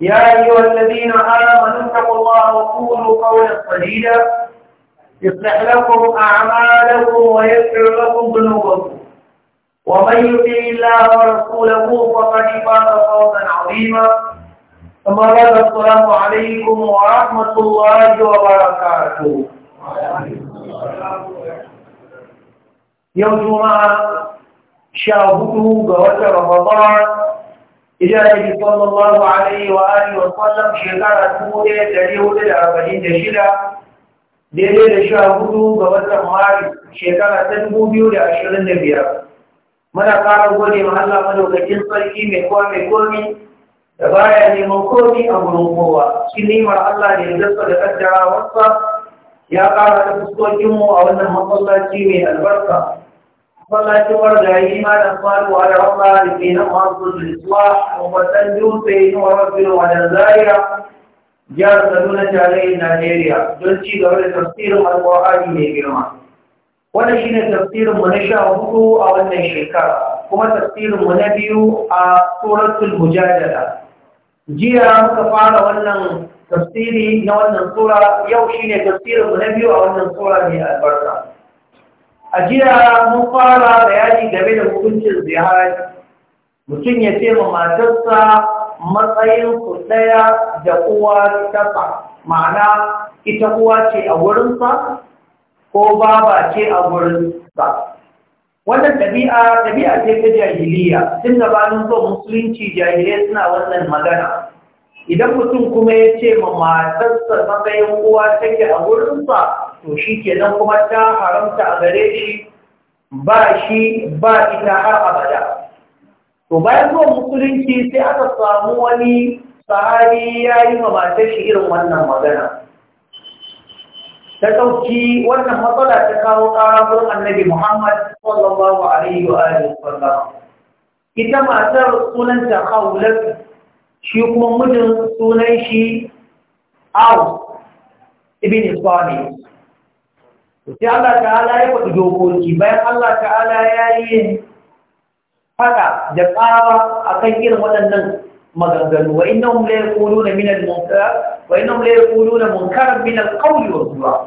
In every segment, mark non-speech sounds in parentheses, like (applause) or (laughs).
يا أيها الذين آمنوا اتقوا الله وقولوا قولا سديدا يصلح لكم أعمالكم ويغفر لكم ذنوبكم ومن يطع الله ورسوله فقد فاز فوزا عظيما أما بعد السلام عليكم ورحمة الله وبركاته يوم جمعة شاهدوا قوة رمضان Idan sallallahu alaihi wa alihi wa sallam shekara shida, daidai da sha hudu ga watan Maris shekara ta biyar. Muna ƙara gode ma Allah madaukakin sarki mai kowa mai komi da baya neman komi a gurin kowa. Shi nimar Allah da ya zasa da kaddara wasa ya kara da fuskokinmu a wannan masallaci mai albarka. صلى ورجعه ما نصال وعلى ربها لكينا وانصر الإصلاح ومسنجون سيد وربنا وعلى الزائرة جار سنونة عليه نيجيريا دلشي دولة تفسير القرآن من جرما wannan shi ne tafsirinmu na sha hudu a wannan shekara kuma tafsirinmu na biyu a suratul mujadala jiya muka fara wannan tafsiri na wannan sura yau tafsirinmu na biyu a wannan sura mai albarka a jiya mun fara bayani game da hukuncin ziyarar mutum ya ce ma matarsa matsayin ku ɗaya da uwa tafa ma'ana ita uwa ce a wurinsa ko baba ce a wurinsa wannan ɗabi'a ɗabi'a ce ta jahiliya tun gabanin zuwa musulunci jahiliya suna wannan magana idan mutum kuma ya ce ma matarsa matsayin uwa take a wurinsa to shi kenan kuma ta haramta a gare shi ba shi ba ita har abada to bayan musulunci sai aka samu wani sahabi ya yi matar shi irin wannan magana ta ɗauki wannan matsala ta kawo ƙararrun annabi Muhammad sallallahu Alaihi wa sallam. Ita matar sunanta Haulat, shi kuma mijin sunan shi Aw ibn Isfani. sai Allah ta'ala ya faɗi dokoki bayan Allah ta'ala ya yi haka da tsawa akan irin waɗannan maganganu wa innahum ya yaquluna min al-munkar wa inna la ya munkaran min al-qawl wa al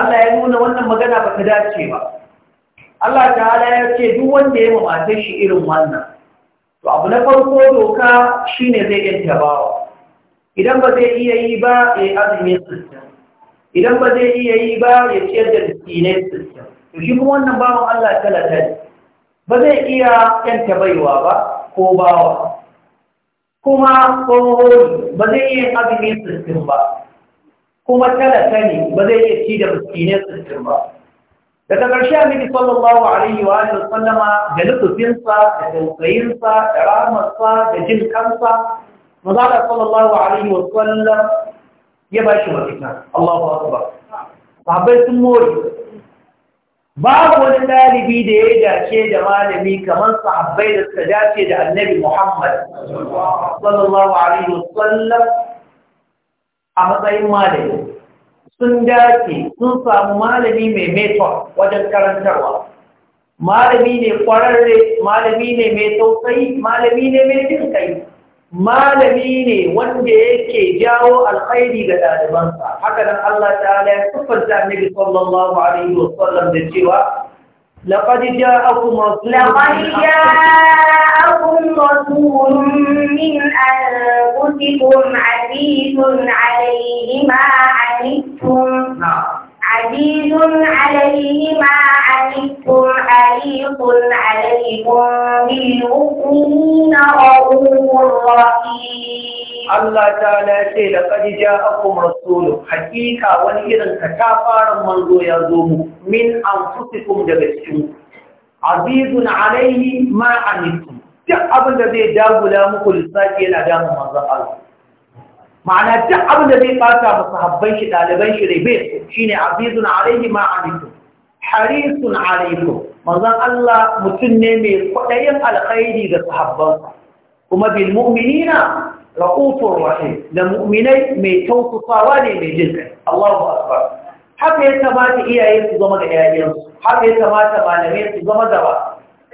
Allah ya nuna wannan magana ba ta dace ba Allah ta'ala ya ce duk wanda ya mamata shi irin wannan to abu na farko doka shine zai yanta bawa idan ba zai iya yi ba ya azumi sittin idan ba zai iya yi ba ya ciyar da miskinai su shi kuma wannan bawan Allah talata ne ba zai iya yanta baiwa ba ko bawa kuma tsohon ba zai iya azumin sittin ba kuma talata ne ba zai iya ci da miskinai sittin ba daga ƙarshe amini sallallahu alaihi wa sallama da lutufinsa da tausayinsa da ramarsa da jin kansa mazala sallallahu alaihi wa sallam ya ba shi mafita Allahu ba. babai sun babu wani dalibi da ya dace da malami kamar sahabbai da suka dace da annabi Muhammad sallallahu alaihi wasallam a matsayin malami sun dace sun samu malami mai meton wajen karantarwa malami ne kwararre malami ne mai tausayi malami ne mai jin kai malami ne wanda yake jawo alkhairi ga ɗalibansa haka nan Allah ta'ala ya siffanta annabi sallallahu alaihi wasallam da cewa لقد جاءكم رسول من أنفسكم عزيز عليه ما عنتم عزيز عليه ما عليكم عليق عليكم بالمؤمنين رؤوف رحيم Allah ta lace da ƙadija ja akwai rasulu hakika wani irin ka ta fara manzo ya zo mu min an fusi kuma daga cikin azizun alaihi ma'amitu duk abin da zai dagula muku lissafi yana damun manzo Allah ma'ana duk abin da zai ɓata masu habban shi ɗaliban shi rabe shi ne azizun alaihi ma'anikun harisun alaikum manzan Allah mutum ne mai kwaɗayin alkhairi ga sahabbansa kuma bil mu'minina ra'ufur da mu'minai mai tausasawa ne mai jin kai Allahu akbar haka ya kamata iyaye su zama da yayansu haka ya kamata malamai su zama da ba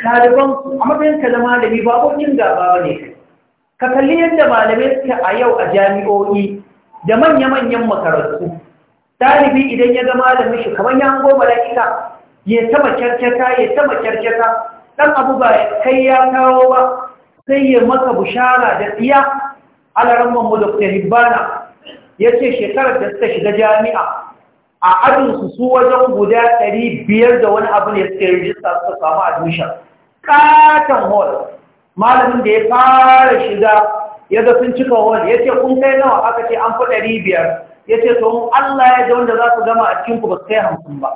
ɗaliban a matsayin ka malami ba wajen gaba ne kai ka kalli yadda malamai suke a yau a jami'o'i da manya-manyan makarantu ɗalibi idan ya ga malamin shi kamar ya hango mala'ika ya taba kyarkyata ya taba kyarkyata ɗan abu ba kai ya kawo ba sai ya maka bushara da tsiya alaran mamu da ya ce shekarar da suka shiga jami'a a adinsu su wajen guda ɗari biyar da wani abu ne suka rijista suka samu admission katon hall malamin da ya fara shiga ya ga sun cika wani ya ce kun kai nawa aka ce an fi ɗari biyar ya ce to Allah ya ji wanda za su gama a cikin ku ba su kai hamsin ba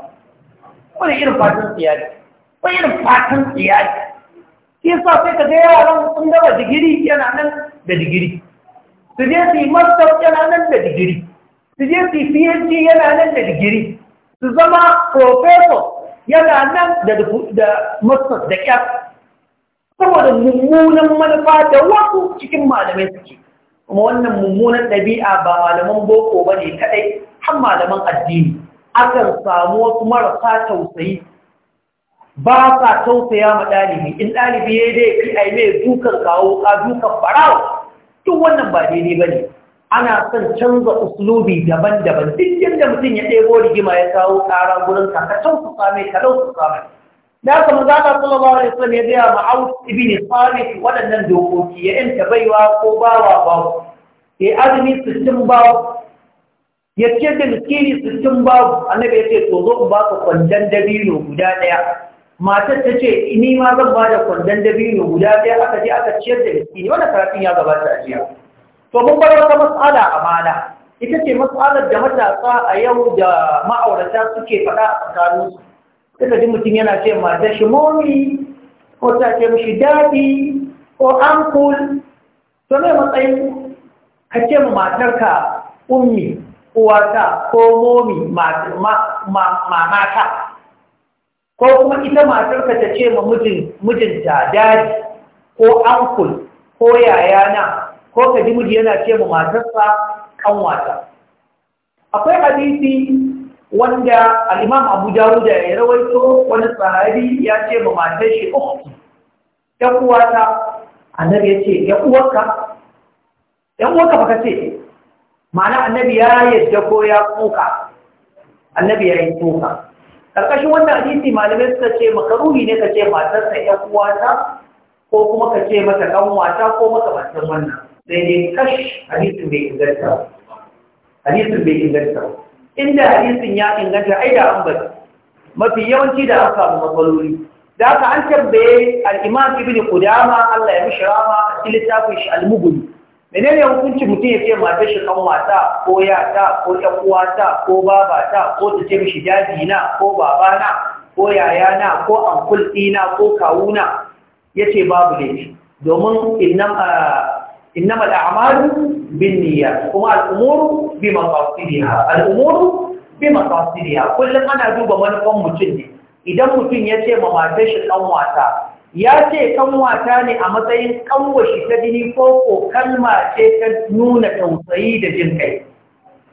wani irin fatan tsiyari wani irin fatan tsiyari shi yasa sai ka ga yaran sun gaba digiri yana nan da digiri su je su yi mastaf yana nan da digiri su je su yi PhD yana nan da digiri su zama professor yana nan da mastaf da kyar saboda mummunan manufa da wasu cikin malamai suke kuma wannan mummunan ɗabi'a ba malaman boko ba ne kaɗai har malaman addini akan samu wasu marasa tausayi ba sa tausaya ma ɗalibi in ɗalibi ya dai fi a dukan kawo ka dukan farawa duk wannan ba daidai ba ne ana son canza uslubi daban-daban duk yadda mutum ya ɗebo rigima ya kawo ƙara gurin ka ka tausasa mai ka tausasa mai da haka manzo Allah sallallahu alaihi wasallam ya gaya ma Aus ibn Thabit waɗannan dokoki ya yanta baiwa ko bawa bawo ya azumi sittin bawo ya ce da miskini sittin bawo annabi ya ce to zo in baka kwandon dabino guda ɗaya matar ta ce ni ma zan ba da kwandon dabino guda ɗaya aka je aka ciyar da miskini wannan karatun ya gabata a jiya to mun bar wata mas'ala amana ita ce mas'alar da matasa a yau da ma'aurata suke faɗa a tsakaninsu kada ji mutum yana ce ma da momi ko ta ce daɗi ko ankul to ne matsayin ka ce ma matarka ummi uwata ko momi mamata ko kuma ita matarka ta ce ma mijinta daɗi, ko ankul ko yayana ko ka ji miji yana ce ma matarsa ƙanwata? akwai hadisi wanda alimam abu abu da ya rawaito wani sahabi ya ce ma matar shi ukhti ya uwata annabi ya ce ya uwarka ya uwarka baka ce ma'ana annabi ya yadda ko ya tsoka annabi ya yi tsoka ƙarƙashin wanda hadisi malamai suka ce makaruhi ne ka ce matarsa ya uwata ko kuma ka ce mata wata ko makamantar wannan daidai kash hadisin bai inganta hadisin bai inda hadisin ya inganta ai da an mafi yawanci da an samu matsaloli da aka an tambaye al-imam ibn qudama Allah ya mishi rama a cikin littafin shi al-mughni menene hukuncin mutum ya ce mata shi kan wata ko yata ko ƴan uwata ko babata ko ta ce mishi daji na ko babana ko yayana ko ankul ɗina ko kawuna yace babu ne domin innam إنما الأعمال بالنية وما الأمور بمقاصدها الأمور بمقاصدها كل ما نجوب من قوم mutum ya ce ma مماتش kanwata, ya ce kanwata ne a matsayin kanwashi ta jini ko ko kalma ta nuna tausayi da jin kai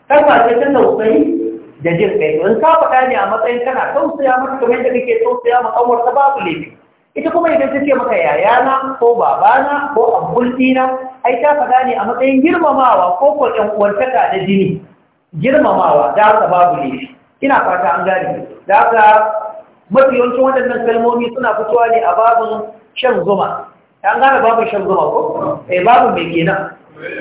kalma ta tausayi da jin kai in ka faɗa ne a matsayin kana tausaya mata kamar yadda kake tausaya ma kanwar ta babu laifi ita kuma idan ta ce maka yayana ko babana ko abultina ai ta faɗa ne a matsayin girmamawa ko ko ɗan uwantaka na jini girmamawa da haka babu ne ina fata an gane da haka mafi yawancin waɗannan kalmomi suna fitowa ne a babun shan zuma an gane babun shan zuma ko eh babun mai kenan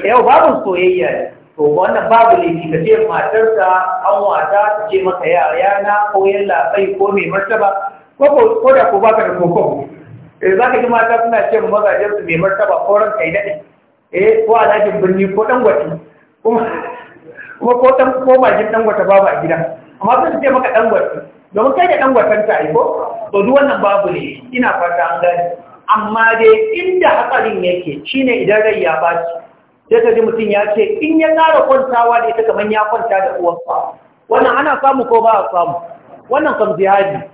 yau babun soyayya ne to wannan babu laifi ka ce matarsa an wata ta ce maka yayana ko yalla bai ko mai martaba ko da ko baka da koko eh za ka ji mata suna ce mazajen su mai martaba ko ran kai daɗe eh ko alhajin birni ko dan gwati kuma ko dan ko bakin dan gwata babu a gida amma sai su ce maka dan gwati domin kai da dan gwatan ta ai ko to duk wannan babu ne ina fata an gani amma dai inda hatsarin yake shine idan rai ya baci sai ka ji mutum ya ce in ya ƙara kwantawa da ita kamar ya kwanta da uwarsa wannan ana samu ko ba a samu wannan kam jihadi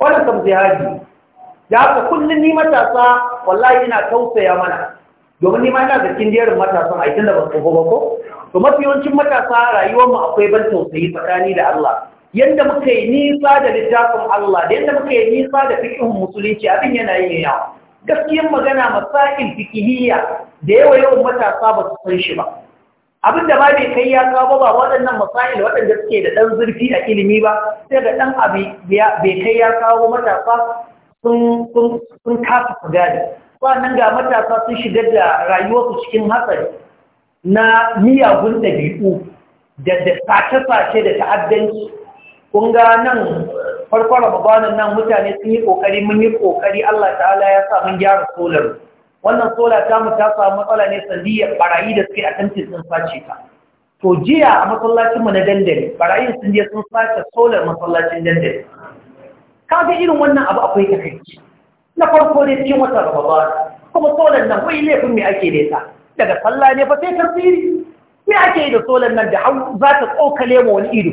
Wani kam Haji? da haka kullum ni matasa wallahi ina tausaya mana domin ni ma ina da kin matasan a tun da basu tsoho ba ko to mafi yawancin matasa rayuwar mu akwai ban tausayi tsakani da Allah yanda muka yi nisa da littafin Allah da yanda muka yi nisa da fiqhun musulunci abin yana yin yawa gaskiyar magana masakin fikihiyya da yawa yawan matasa ba su san shi ba abin da ba bai kai ya kawo ba waɗannan masail waɗanda suke da ɗan zurfi a ilimi ba sai ga ɗan abu bai kai ya kawo matasa sun kafa su Ba nan ga matasa sun shiga da rayuwarsu cikin hatsari na miyagun ɗabi'u da da sace-sace da ta'addanci kun ga nan farfara ramadanin nan mutane sun yi ƙoƙari mun yi ƙoƙari allah ta'ala ya sa mun gyara solar wannan sola ta mu ta samu matsala ne sandiyyar barayi da suke a tantin sun sace ta to jiya a masallacinmu na dandali barayin sun je sun sace solar masallacin dandali kaga irin wannan abu akwai takaici na farko ne cikin wata ramadan kuma solar nan wai laifin me ake da ita daga sallah ne fa sai tasiri me ake yi da solar nan da hau za ta tsokale ma wani ido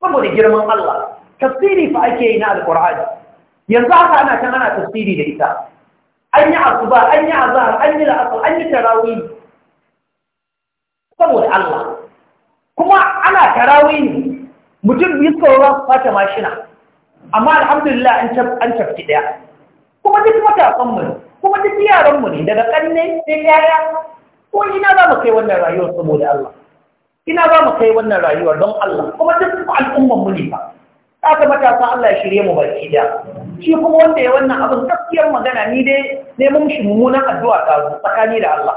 saboda girman Allah tafsiri fa ake yi na Alƙur'ani? yanzu haka ana can ana tafsiri da ita an yi asuba an yi azhar an yi la'asar an yi tarawih saboda Allah kuma ana tarawih ne mutum biyu suka ruwa fata mashina amma alhamdulillah an cafki ɗaya kuma duk matasanmu ne kuma duk yaranmu ne daga ƙanne sai yaya ko ina za mu kai wannan rayuwar saboda Allah ina za mu kai wannan rayuwar don Allah kuma duk mu ne ba aka matasa Allah ya shirye mu barki da shi kuma wanda ya wannan abin gaskiyar magana ni dai neman shi mummunan addu'a ta tsakani da Allah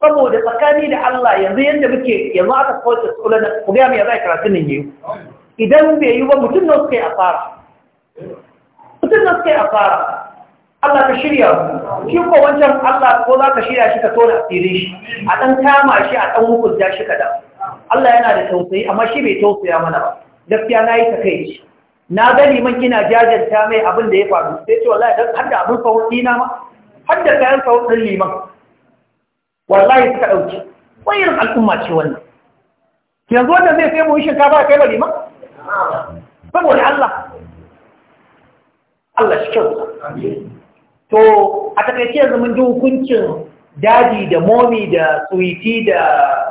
saboda tsakani da Allah yanzu yadda muke yanzu aka kawace tsola da ku ga me za karatu nan yi idan bai yi ba mutum na suka yi asara mutum na suka yi asara Allah ka shirya shi ko wancan Allah ko za ka shirya shi ka tona asirin shi a dan kama shi a dan hukunta shi ka Allah yana da tausayi amma shi bai tausaya mana ba gaskiya na yi takaici na gani man kina jajanta mai abin da ya faru sai ce wallahi dan har da abin sauki dina ma har da kayan sahun liman wallahi suka dauki wayar al'umma ce wannan yanzu wannan zai sai mu yi shinkafa kai ba liman saboda Allah Allah shi kyau to a takaice yanzu mun ji hukuncin daji da momi da tsuiti da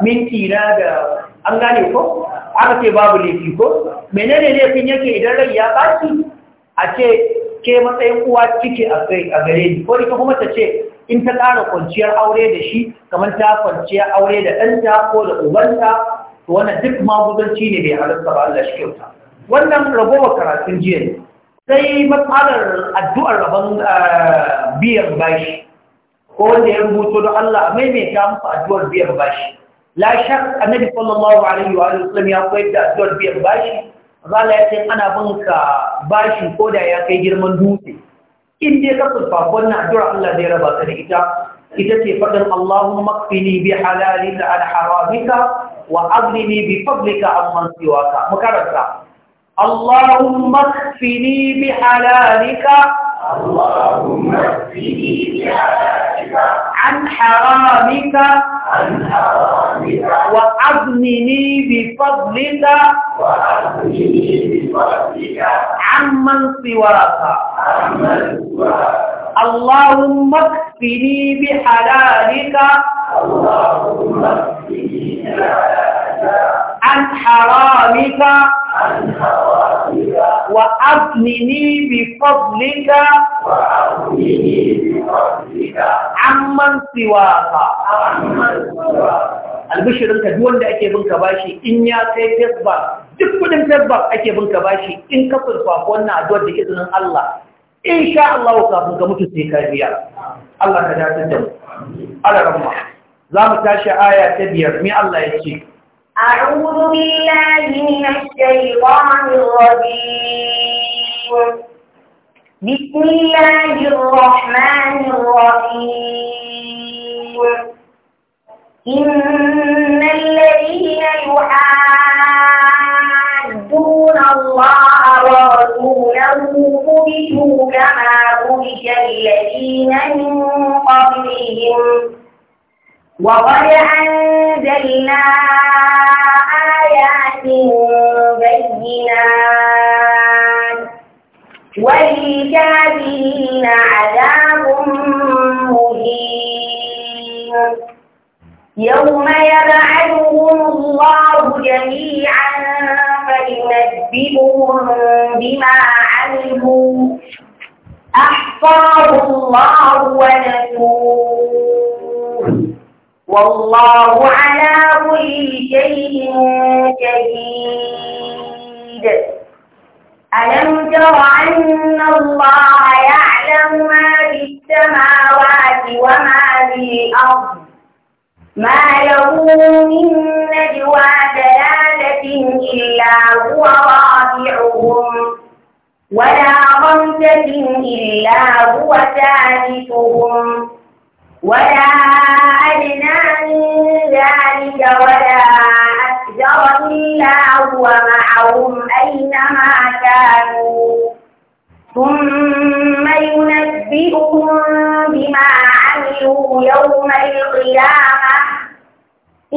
minti na da an gane ko aka ce babu laifi ko menene laifin yake idan rai ya ɓaci a ce ke matsayin uwa cike a gare ni ko ita kuma ta ce in ta ƙara kwanciyar aure da shi kamar ta kwanciyar aure da ɗanta ko da ubanta to wannan duk maguzanci ne bai halarta ba Allah shi kyauta wannan ragowar karatun jiya ne sai matsalar addu'ar rabon eh, biyan bashi ko wanda ya rubuto don Allah a maimaita muku addu'ar biyan bashi la shak annabi sallallahu alaihi wa sallam ya koyar da addu'ar biyan bashi zala ya ce ana bin ka bashi ko da ya kai girman dutse in dai ka sulfa wannan addu'ar Allah zai raba ka da ita ita ce fadin Allahumma Makfini bi halalika an haramika wa aghnini bi fadlika amman siwaka mukarrasa اللهم اكفني بحلالك اللهم اكفني بحلالك عن حرامك عن حرامك وأغنني بفضلك وأغنني بفضلك عمن سواك عمن سواك اللهم اكفني بحلالك اللهم اكفني بحلالك عن حرامك وأغنني بفضلك عمن سواك البشر انت دون ده اكي بنك باشي ان ياكي تذبر دك بدن تذبر اكي بنك باشي ان كفر فاقونا دور دي اذن الله ان شاء الله وكافر كمتو سيكاريا الله كذا تدل على رمح زامتاش آية تبير مي الله يشيك أعوذ بالله من الشيطان الرجيم بسم الله الرحمن الرحيم إن الذين يحادون الله ورسوله كبتوا كما كبت الذين من قبلهم وقد أنزلنا آيات بينات وللكافرين عذاب مهين يوم يبعثهم الله جميعا فينبئهم بما عملوا أحصاه الله ونسوه والله على كل شيء شهيد ألم تر أن الله يعلم ما في السماوات وما في الأرض ما يكون من نجوى ثلاثة إلا هو رابعهم ولا خمسة إلا هو ثالثهم ولا أدنى من ذلك ولا أكثر إلا هو معهم أينما كانوا ثم ينبئهم بما عملوا يوم القيامة a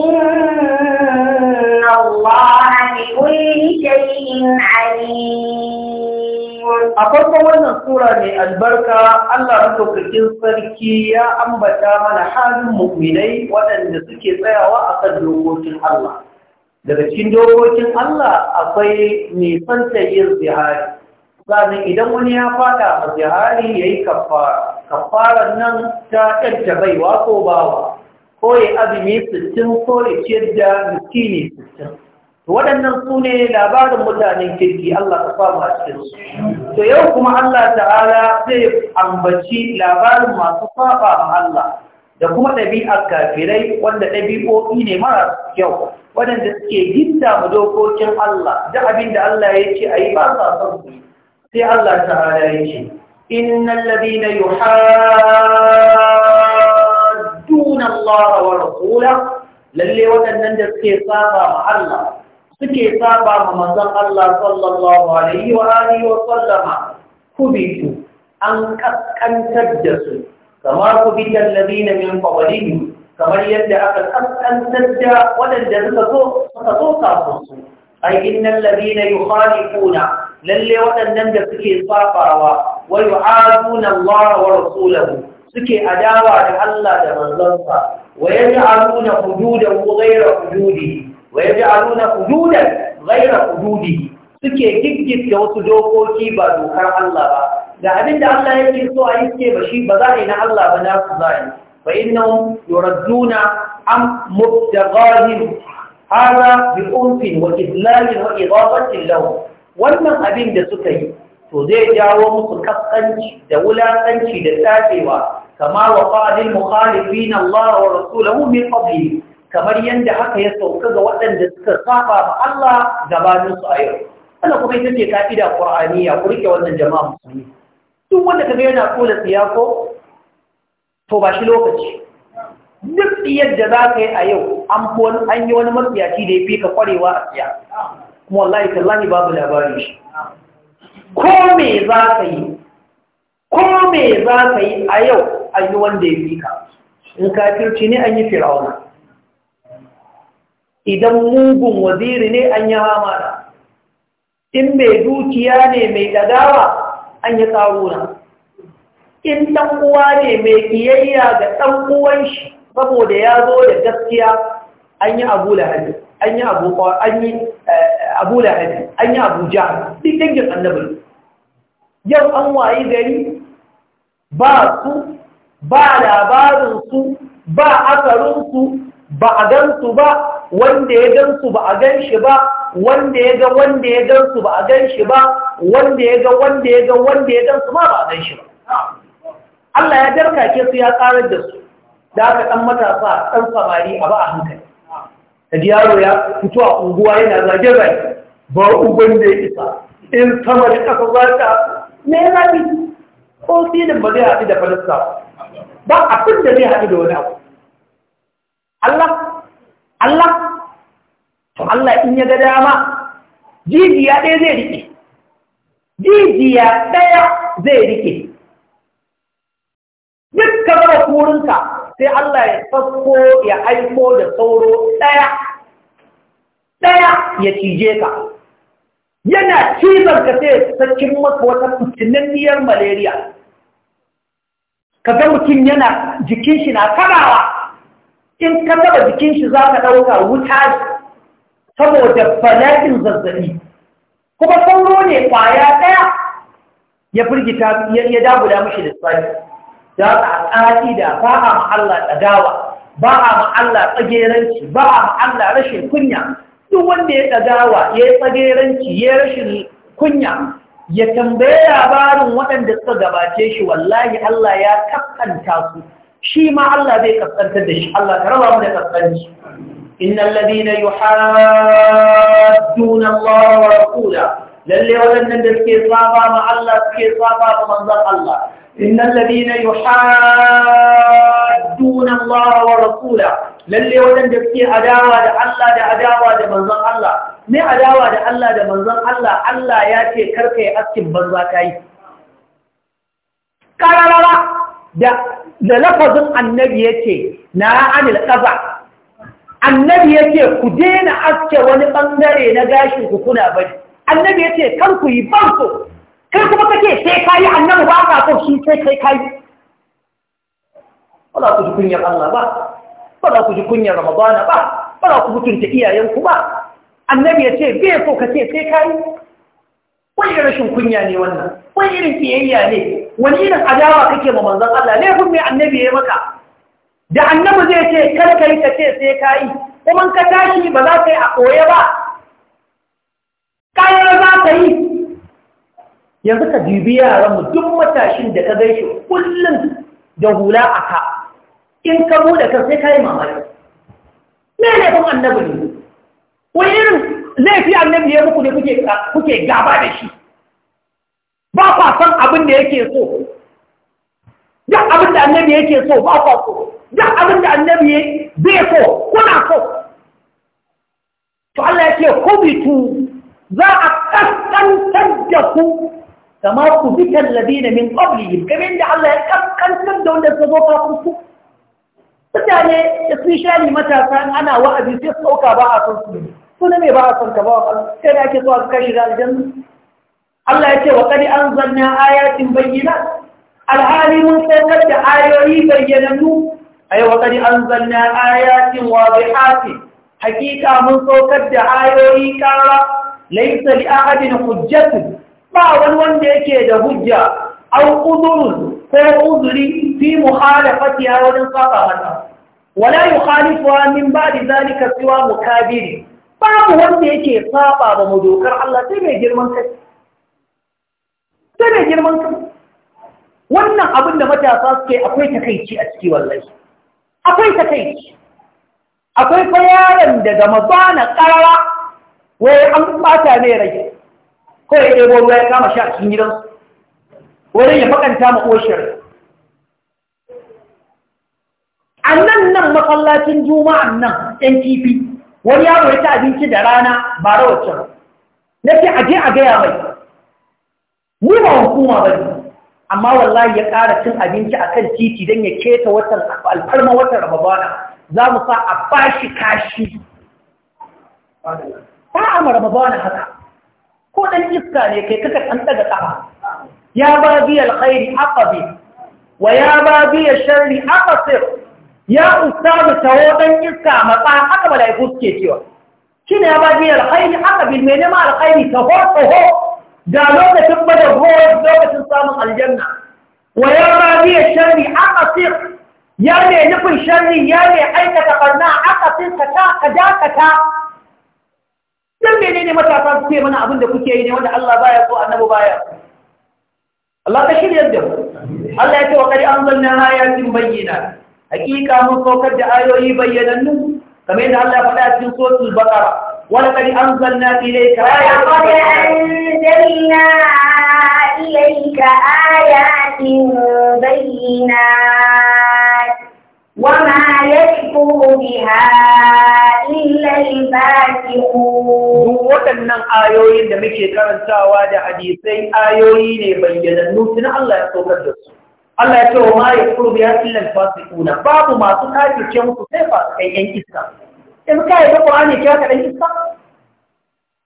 farko wannan sura mai albarka Allah madaukakin sarki ya ambata mana halin mu'minai waɗanda suke tsayawa a kan dokokin Allah daga cikin dokokin Allah akwai mai yin zihari sannan idan wani ya fada a zihari ya yi kafara kafaran nan ta ƙyanta baiwa ko bawa Koye azumi sittin ko ya ciyar da miskini sittin waɗannan su ne labarin mutanen kirki Allah ta fama a cikinsu to yau kuma Allah ta'ala zai ambaci labarin masu saba ma Allah da kuma ɗabi'ar kafirai wanda ɗabi'o'i ne mara kyau waɗanda suke gidda mu dokokin Allah da abin da Allah ya ce a yi ba sa son su sai Allah ta'ala ya ce innal ladina yuhaa inna Allah wa rasula lalle waɗannan da suke saba ma Allah suke saba ma manzon Allah sallallahu alaihi wa alihi wa sallama kubitu an kaskantar da su kama kubita alladhina min qablihim kamar yadda aka kaskantar da waɗanda suka so suka so kafin su ai innal ladina yukhalifuna lalle waɗannan da suke sabawa wa yu'aduna Allah wa rasulahu suke adawa da Allah da manzansa wa yaj'aluna hududan ghayra hududi wa yaj'aluna hududan ghayra hududi suke giggita wasu dokoki ba dokar Allah ba ga abin da Allah yake so a yake ba shi ba za a yi na Allah ba na su zai fa innahum yuradduna am mubtaghahim hada bi unfin wa idlalin wa idafatin lahu wannan abin da suka yi to zai jawo musu kaskanci da wulakanci da tsafewa kama wa fadil mukhalifin Allah wa rasulahu min fadli kamar yadda haka ya sauka ga waɗanda suka safa ma Allah gabanin su a yau Allah kuma ita ce ka'ida Qur'aniya ku wannan duk wanda kula ba shi lokaci yadda za ka yi a yau an yi wani matsiyaci da ya fi ka kwarewa a siya kuma wallahi tallahi babu labari shi ko me za ka yi Kuma me za ka yi a yau a yi wanda ya fi ka in kafirci ne an yi fir'auna idan mugun waziri ne an yi hamada in mai dukiya ne mai ɗagawa an yi tsaruna in ɗan'uwa ne mai ƙiyayya ga ɗan'uwan shi saboda ya zo da gaskiya an yi abu hajji an yi abu hajji an yi eh, abuja duk dangin annabin yau an wayi gari ba su ba labarinsu ba asarinsu ba a gansu ba wanda ya gansu ba a gan shi ba wanda ya ga wanda ya gansu ba a gan shi ba wanda ya ga wanda ya ga wanda ya gansu ma ba a gan shi ba Allah ya ke su ya tsarar da su da aka ɗan matasa ɗan samari a ba a hankali da yaro ya fito a unguwa yana zage-zage ba uban ya isa in sama da ƙasa za ta me ya zafi ko sinin ba zai haɗu da falasta ba abin da zai haɗu da wani abu Allah Allah to Allah in ya ga dama jijiya ɗaya zai riƙe jijiya ɗaya zai riƙe duk kamar kurinka sai Allah ya fasko ya aiko da sauro ɗaya ɗaya ya cije ka yana cizon ka sai sakin maka wata fitinanniyar malaria ka ga mutum yana jikin shi na karawa in ka taba jikin shi za ka ɗauka wuta saboda bala'in zazzabi kuma sauro ne kwaya ɗaya ya firgita ya dagula mashi da tsari da a tsaki da ba a ma'alla ɗagawa ba a ma'alla tsageranci ba a ma'alla rashin kunya duk wanda ya ɗagawa ya yi tsageranci ya yi rashin kunya ya tambaye labarin waɗanda suka gabace shi wallahi Allah ya kaskanta su shi ma Allah zai kaskantar da shi Allah ka raba mu da kaskanci innal ladina yuhadduna Allah wa rasulahu lalle waɗannan da suke saba ma Allah suke saba ma manzon Allah innal ladina yuhadduna Allah wa rasulahu lalle waɗanda suke adawa da Allah da adawa da manzon Allah ne adawa da Allah da manzon Allah Allah ya ce karka yi askin banza ka yi kararara da lafazin annabi ya ce na anil ƙaza annabi ya ce ku daina aske wani bangare na gashin ku kuna bari annabi ya ce kan ku yi banko kai kuma kake sai ka yi annabi ba ka so shi sai kai ka yi wala ku ji kunyar Allah ba ba za ku ji kunyar ramadana ba ba za ku mutunta iyayenku ba annabi ya ce bai so ka ce sai ka yi wani rashin kunya ne wannan wani irin kiyayya ne wani irin adawa kake ma manzan Allah laifin mai annabi ya yi maka da annabi zai ce kar ka yi ka ce sai ka yi kuma ka tashi ba za ka yi a ɓoye ba kayan za ka yi yanzu ka dubi yaran mu duk matashin da ka gaishe kullum da hula a ka in ka bude kan sai ka yi mamaki me ne kun annabi ne wani irin laifi annabi ya muku ne kuke gaba da shi ba kwa san abin da yake so duk abin da annabi yake so ba kwa so duk abin da annabi bai so kuna so to Allah yake kubitu za a kaskantar da ku kama ku bitan ladina min qablihim kamar da Allah ya kaskantar da wanda su zo kafin ku mutane shari matasa ana wa'azi sai su ba a son su ne suna mai ba a son ka ba wa sai da ake so a kashi da aljanna Allah ya ce wa kadi an zanna ayatin bayyana alhali mun saukar da ayoyi bayyanannu a yau wa kadi an zanna ayatin wadihati hakika mun saukar da ayoyi kara laisa li ahadin hujjatu ba wani wanda yake da hujja au uzurun ko uzuri fi mukhalafatiha wajen saba mata wala yukhalifuha min ba'di zalika siwa mukabiri babu wanda yake saba ba mu dokar Allah sai mai girman kai sai mai girman kai wannan abin da matasa suke akwai takaici a ciki wallahi akwai takaici akwai fa yaron da gama bana karara wai an bata ne rai ko ya ɗebo ruwa ya kama shi a cikin gidansu wani ya faɗanta ma ƙoshiyar a nan nan masallacin juma'an nan yan kifi wani yaro ya ci abinci da rana ba da wacce ba na ce aje a gaya mai mu ba hukuma ba ne amma wallahi ya ƙara cin abinci a kan titi don ya keta watan alfarma watan rababana za mu sa a bashi kashi ba a ma marababana haka ko ɗan iska ne kai kaka ɗan ɗaga ƙafa ya ba biya alkhairi aqabi wa ya ba biya sharri aqasir ya ustazu tawo dan iska matsa haka malaiku suke cewa shine ya baji alkhairi haka bil mai nema alkhairi taho taho da lokacin bada gowa lokacin samun aljanna wa ya baji sharri haka sir ya ne nufin sharri ya ne aikata barna haka sir ka ta ka dakata dan menene matasa suke mana abin da kuke yi ne wanda Allah baya so annabi baya Allah ta shirya da Allah ya ce wa qad anzalna ayatin bayyinatin hakika mun saukar da ayoyi bayyanannu kamar yadda Allah ya faɗa cikin suratul baqara wa laqad anzalna ilayka ayatin wa laqad anzalna ilayka ayatin bayyinat وما يكفر بها إلا الفاسقون waɗannan ayoyin da muke karantawa da hadisai ayoyi ne bayyanannu tun Allah ya saukar da su Allah ya ce wa ma ya kuru biya illan fasikuna babu masu kafirce musu sai kai yan iska in ka yi zaɓa ne kira ka ɗan iska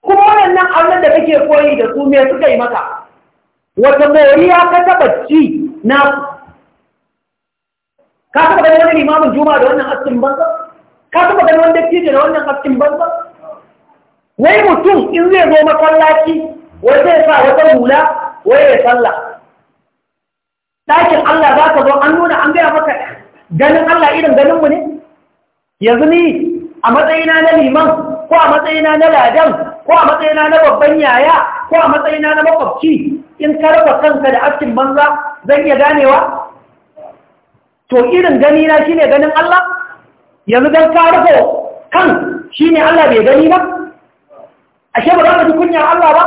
kuma waɗannan allon da kake koyi da su me suka yi maka wata moriya ka taɓa ci na ka taɓa ganin wani limamin juma da wannan askin banza ka taɓa ganin wani dattijo da wannan askin banza wai mutum in zai zo masallaci wai zai sa wata hula wai ya sallah ɗakin Allah za ka zo an nuna an gaya maka ganin Allah irin ganinmu ne yanzu ni a matsayina na liman ko a matsayina na ladan ko a matsayina na babban yaya ko a matsayina na makwabci in karfa kanka da askin banza zan iya ganewa to irin gani na shine ganin Allah yanzu dan karfa kan shine Allah bai gani ba ashe ba za ka ji kunyar Allah ba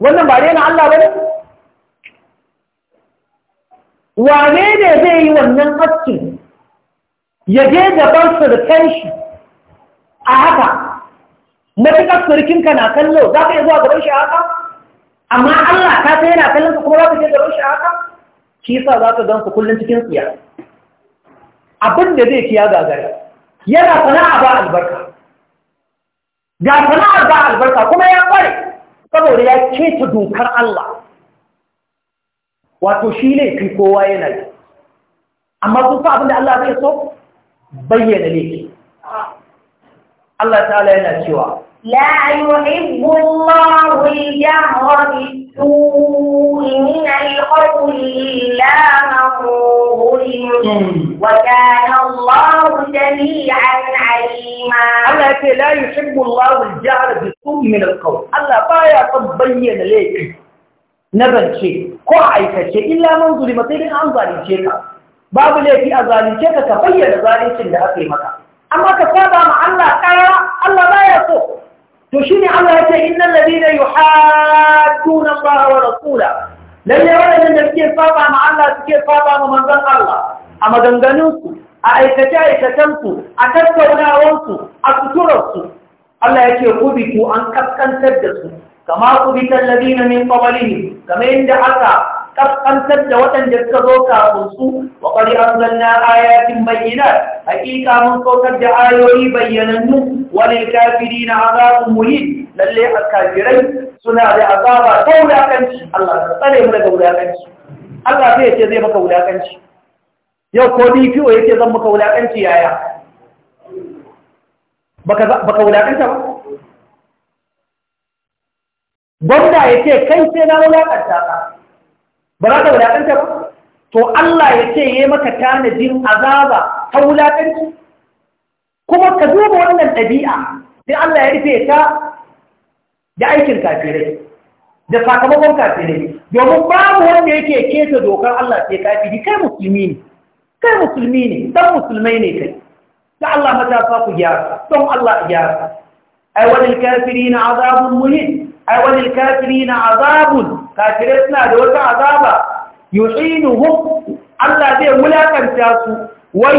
wannan ba daina Allah ba ne wane ne zai yi wannan haskin ya je gaban surkan shi a haka matuƙar surkinka na kallo za ka yi zuwa gaban shi a haka amma Allah ta sai yana kallon ka kuma za ka je gaban shi a haka shi sa za ka gansu kullum cikin tsiya abin da zai ciya gagara yana sana'a ba albarka ga a ba albarka kuma ya kware saboda ya keta dokar Allah wato shi laifi kowa yana da amma kun fa abin da Allah zai so bayyana laifi Allah ta'ala yana cewa لا يحب الله الجهر بالسوء من القول إلا من ظلم وكان الله سميعا عليما الله لا يحب الله الجهر بالسوء من القول الله بايا تبين ليك na zance ko aikace illa man zulima sai dai an zalunce ka babu laifi a zalunce ka ka bayyana zaluncin da aka yi maka amma ka saba ma Allah kaya Allah baya so to shine Allah ya ce innal ladina yuhadduna Allah wa rasula lalle wannan da suke saba ma Allah suke saba ma manzon Allah a maganganunsu a aikace aikacensu a tattaunawarsu, a su. Allah ya ce kubitu an kaskantar da su kama ku bi tallabina min qablihim kamar yadda aka kaskantar da waɗanda suka zo kafin su wa qad anzalna ayatin bayyana. haqiqa mun saukar da ayoyi bayyanannu wa lil kafirina azabun muhin lalle akafirai suna da azaba ta wulakanci Allah ka tsare mu daga wulakanci Allah zai ce zai maka wulakanci yau ko DPO yake zan maka wulakanci yaya baka baka wulakanta ba gwamna ya ce kai sai na wulaƙanta ka ba za ka wulaƙanta ba to Allah ya ce ya maka tanadin azaba ta wulaƙanci kuma ka duba wannan ɗabi'a sai Allah ya rufe ta da aikin kafirai da sakamakon kafirai domin babu wanda yake keta dokar Allah sai kafiri kai musulmi ne kai musulmi ne dan musulmai ne kai da Allah matasa ku gyara don Allah gyara ai wal kafirina azabun muhim. ai wani kafiri na azabun kafirai suna da wata azaba yu'inuhum Allah zai wulakanta su wa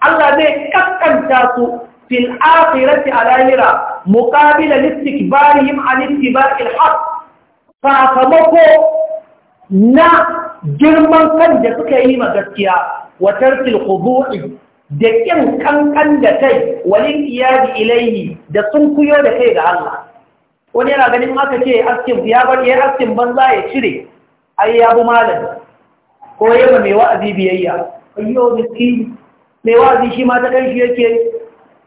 Allah zai kaskanta su fil akhirati alahira muqabila listikbarihim an ittiba'il haqq sakamako na girman kan da suka yi ma gaskiya wa tarkil khudu'i da kin kankan da kai walin iyadi ilayhi da sun kuyo da kai ga Allah wani yana ganin aka ce askin ya bar ya askin banza ya cire ai ya bu malam ko ba mai wa'azi biyayya ayyo miskini mai wa'azi shi ma ta kan shi yake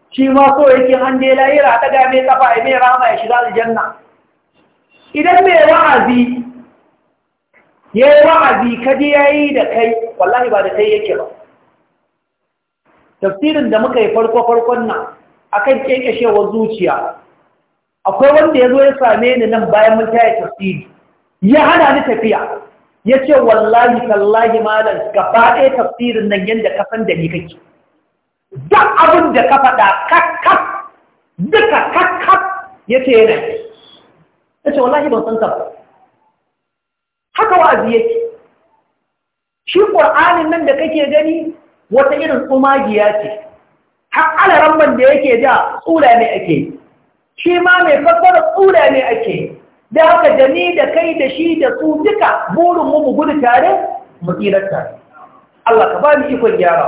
shi ma so yake an dai lahira ta ga mai kafa mai rama ya shiga aljanna idan mai wa'azi ya yi wa'azi ka je ya yi da kai wallahi ba da kai yake ba tafsirin da muka yi farko-farkon nan akan kekeshewar zuciya akwai wanda ya zo ya same ni nan bayan mun taya tafsiri ya hana ni tafiya ya ce wallahi tallahi malam ka faɗe tafsirin nan yadda ka san da ni kake duk abin da ka faɗa kakkak duka kakkak ya ce yana ya ce wallahi ban san ka ba. haka wa'azi yake shi ƙur'anin nan da kake gani wata irin tsumagiya ce har alaramman da yake ja tsula ne ake yi shi ma mai fassara tsura ne ake da haka da ni da kai da shi da su duka burinmu mu gudu tare mu tsirar tare Allah ka ba ikon gyara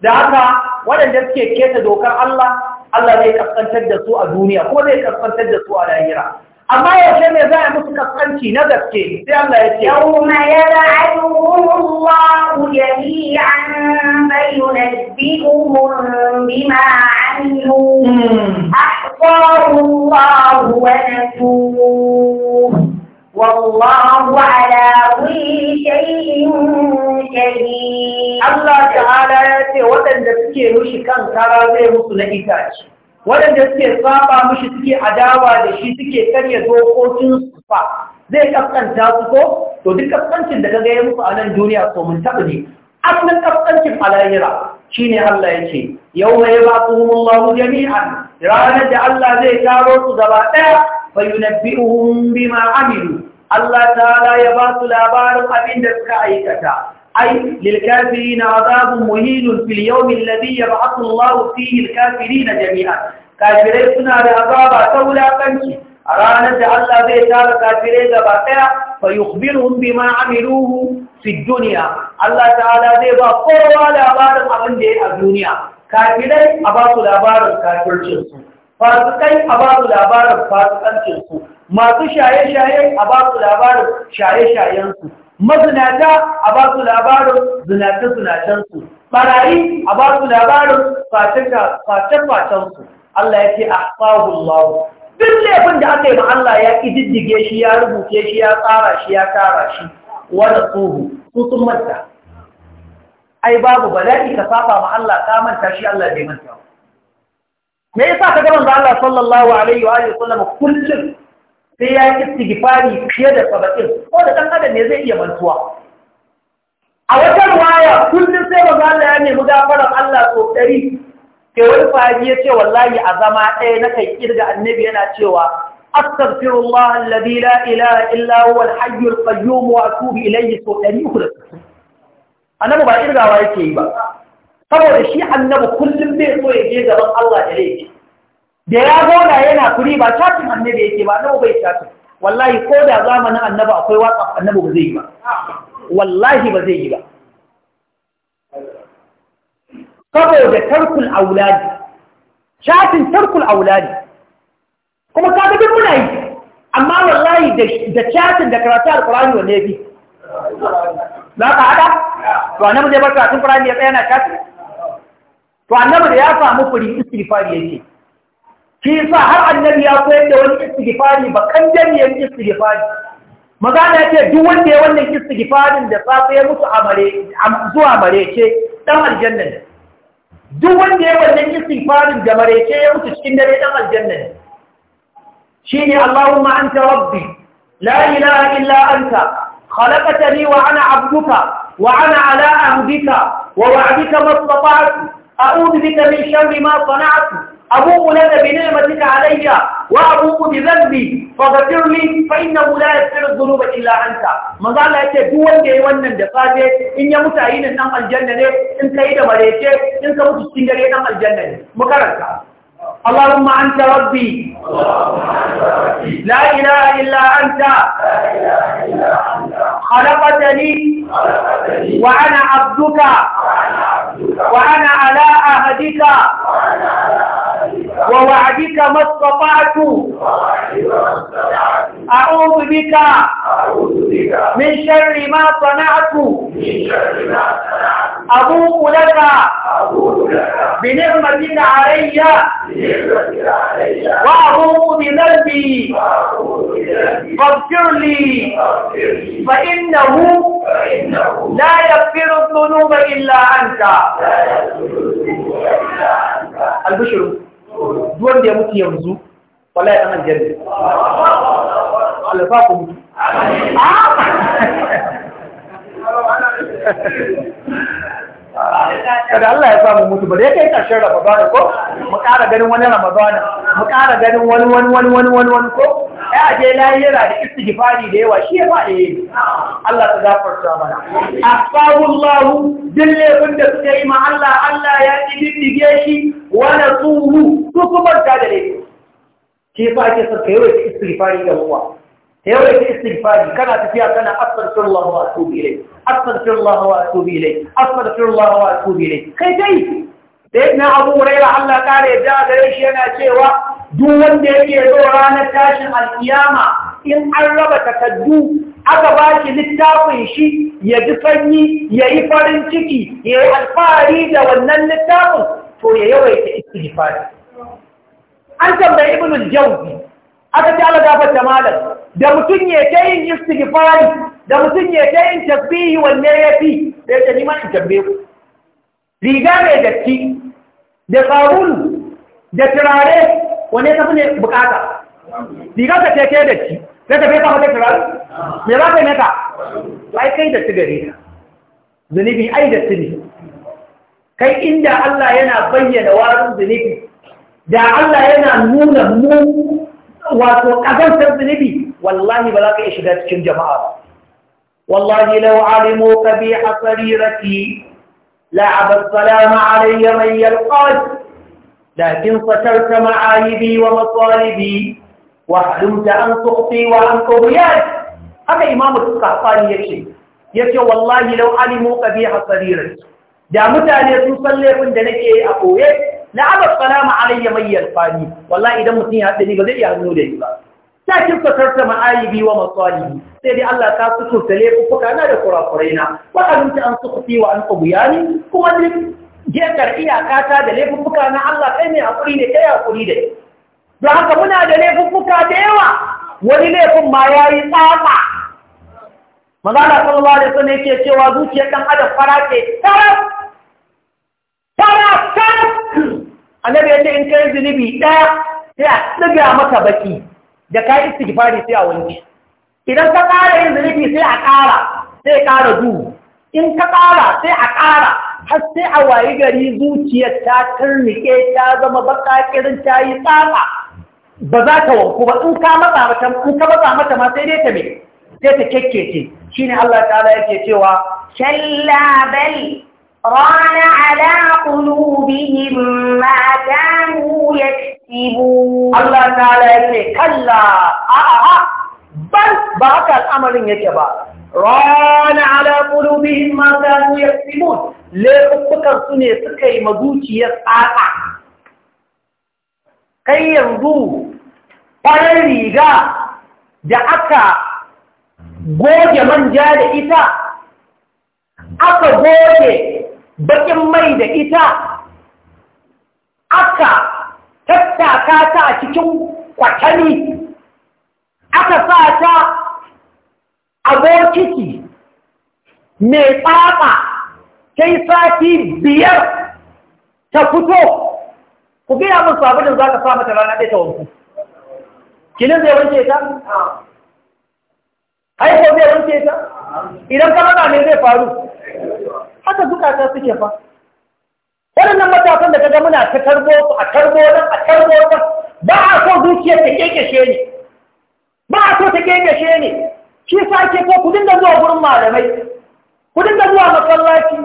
da haka waɗanda suke keta dokar Allah Allah zai kaskantar da su a duniya ko zai kaskantar da su a lahira amma yaushe ne za a musu kaskanci na gaske sai Allah ya ce yawma yad'uhumullahu jami'an fayunabbi'uhum bima 'amilu ahsaru Allahu wa nasuhu والله على كل شيء شهيد الله تعالى يتي ودن da suke rushi kan kara zai musu na itace waɗanda suke saba mushi suke adawa da shi suke karya dokokin su fa zai kaskanta su ko to duk kaskancin da kaga ya muku a nan duniya ko mun taɓa ne asalin kaskancin alayira shine Allah ya ce yau ya ba su jami'an ranar da Allah zai karo su gaba ɗaya fayyunabbi'uhum bima amilu Allah ta'ala ya ba su labarin abin da suka aikata أي للكافرين عذاب مهين في اليوم الذي يبعث الله فيه الكافرين جميعا كافرين سنة عذاب سولا فنشي ranar da Allah zai tara kafirai gaba ɗaya fa yukhbiruhum bima amiluhu fi Allah ta'ala zai ba kowa labarin abin da ya a duniya kafirai a ba labarin kafircin su fasikai a ba labarin fasikancin su masu shaye-shaye a basu labarin shaye-shayen su mazinata a ba su labarin zinace-zinacensu barayi a ba su labarin face-facensu Allah ya ce a sahullahu duk laifin da aka yi ma Allah ya ƙididdige shi ya rubuce shi ya tsara shi ya tara shi wani tsohu su sun manta ai babu bala'i ka saba ma Allah ta manta shi Allah bai manta me yasa ka ga da Allah sallallahu alaihi wa sallam kullum sai ya yi istighfari fiye da saba'in ko da ɗan adam ne zai iya mantuwa a wata ruwaya kullum sai maza Allah ya nemi gafarar Allah so ke wani fahimi ya ce wallahi a zama ɗaya na kai kirga annabi yana cewa astaghfirullah alladhi la ilaha illa huwa al qayyum wa atubu ilayhi so ɗari annabi ba kirgawa yake yi ba saboda shi annabi kullum bai so ya je gaban Allah da laifi da ya zauna yana kuri ba shafin annabi yake ba annabi bai shafin? wallahi ko da zamanin annabi akwai whatsapp annabi ba zai yi ba wallahi ba zai yi ba saboda tarkul auladi shafin tarkul auladi kuma kaga duk muna yi amma wallahi da shafin da karatu ƙur'ani wanne yafi za ka hada to annabi zai bar karatun ƙur'ani ya tsaya na shafin to annabi da ya samu kuri istighfar yake shi yasa har annabi ya koyar da wani istighfari ba kan jami'an istighfari magana ce duk wanda ya wannan istighfarin da safe ya mutu amare zuwa marece dan aljanna ne duk wanda ya wannan istighfarin da marece ya mutu cikin dare dan aljanna ne shine Allahumma anta rabbi la ilaha illa anta khalaqtani wa ana 'abduka wa ana 'ala ahdika wa wa'dika ma a'udhu bika min sharri ma sana'tu أبوء لك بنعمتك علي وأبوء بذنبي فغفر لي فإنه لا يغفر الذنوب إلا أنت ما قال لك دول جاي wannan da safe إن يموت عين a الجنة إن سيد ne إن kai da marece الجنة ka mutu cikin dare nan aljanna ne اللهم أنت ربي لا إله إلا أنت خلقتني وأنا عبدك وأنا على عهدك ووعدك ما استطعت أعوذ بك من شر ما صنعت أبوء لك بنعمتك علي وأبوء بذنبي فاغفر لي فإنه لا يغفر الذنوب إلا أنت البشر duwanda ya mutu yanzu wallahi dan aljanna Allah ku mutu (laughs) kada Allah ya samu mutu ba ya kai karshen Ramadan ko mu ƙara ganin wani Ramadan mu ƙara ganin wani wani wani wani wani wani ko ya je lahira da istighfari da yawa shi ya fa eh Allah ta gafarta mana afawullahu dille bin da suka yi ma Allah Allah ya diddige shi wa nasuhu su kuma ta da laifi ke fa ke sarkai wa istighfari da ruwa. yawaita istighfari kana tafiya kana astaghfirullah wa atubu ilayh astaghfirullah wa atubu ilayh astaghfirullah wa atubu ilayh kai dai sai na Abu Hurairah Allah kare da gare shi yana cewa duk wanda yake zo ranar tashin alkiyama in an raba takaddu aka ba shi littafin shi ya ji sanyi ya yi farin ciki ya yi alfahari da wannan littafin to ya yawaita istighfari an tambayi ibn al-jawzi aka ci ala gafarta malam da mutum ya ke yin istighfari da mutum ya ke yin tasbihi wanne ya fi da ya ni ma in tambaye ku riga mai datti da sabulu da turare wanne ta fi ne bukata riga ka ce ke datti sai ka ta mata turare me za ka yi mata ai kai datti gare ka zunubi ai datti ne kai inda Allah yana bayyana warin zunubi da Allah yana nuna mu wato ƙazantar zunubi wallahi ba za ka iya shiga cikin jama'a ba wallahi lau alimu ka bi a tsarirati la'abar salama alayya mai yalƙar da kin fatar ta ma'ayibi wa matsalibi wa halumta an tukti wa an kubriyar haka imamu kafani ya ce ya ce wallahi lau alimu ka bi a tsarirati da mutane sun san laifin da nake a koye la'abar salama alayya mai yarfani wallahi idan mutum ya haɗe ba zai iya hannu da ni ba ta kinsa karta ma'ayibi wa masalihi sai dai Allah ka su turta laifuka na da kurakurai na wa abinci an sukuti wa an tsubuyani kuma ni jekar iyaka ta da laifuka na Allah kai ne hakuri ne kai hakuri da don haka muna da laifuka da yawa wani laifin ma ya yi tsafa magana sallallahu alaihi wasallam yake cewa zuciyar dan adam fara ce tara tar annabi ya in kai zunubi ɗaya sai a tsiga maka baki da ka yi istighfari sai a wanke idan ka ƙara yin zunubi sai a ƙara sai ƙara duhu in ka ƙara sai a ƙara har sai a wayi gari zuciyar ta turnike ta zama baƙaƙirin ta yi tsafa. ba za ka wanku ba in ka matsa mata in ka matsa mata ma sai dai ta me sai ta kekkece shine Allah ta'ala yake cewa kalla bal ران على قلوبهم ما كانوا يكسبون الله تعالى يقول كلا آه بل بهك الأمر يجب ران على قلوبهم ما كانوا يكسبون laifukan su ne suka yi mazuciyar tsaka kai yanzu ƙwarar riga da aka goge manja da ita aka goge baƙin mai da ita aka tattaka ta a cikin kwatani aka sa ta a bokiti mai tsaba ta yi sati biyar ta fito ku gina mun sabulin za ka sa mata rana ɗaya ta wanku kilin zai wanke ta? Aiko zai wanke ta idan ka rana ne zai faru haka zukata suke fa waɗannan matasan da kaga muna ta karbo su a karbo nan a karbo nan ba a so zuciyar ta kekeshe ne ba a so ta kekeshe ne shi sa ke ko ku dinga zuwa gurin malamai ku dinga zuwa masallaci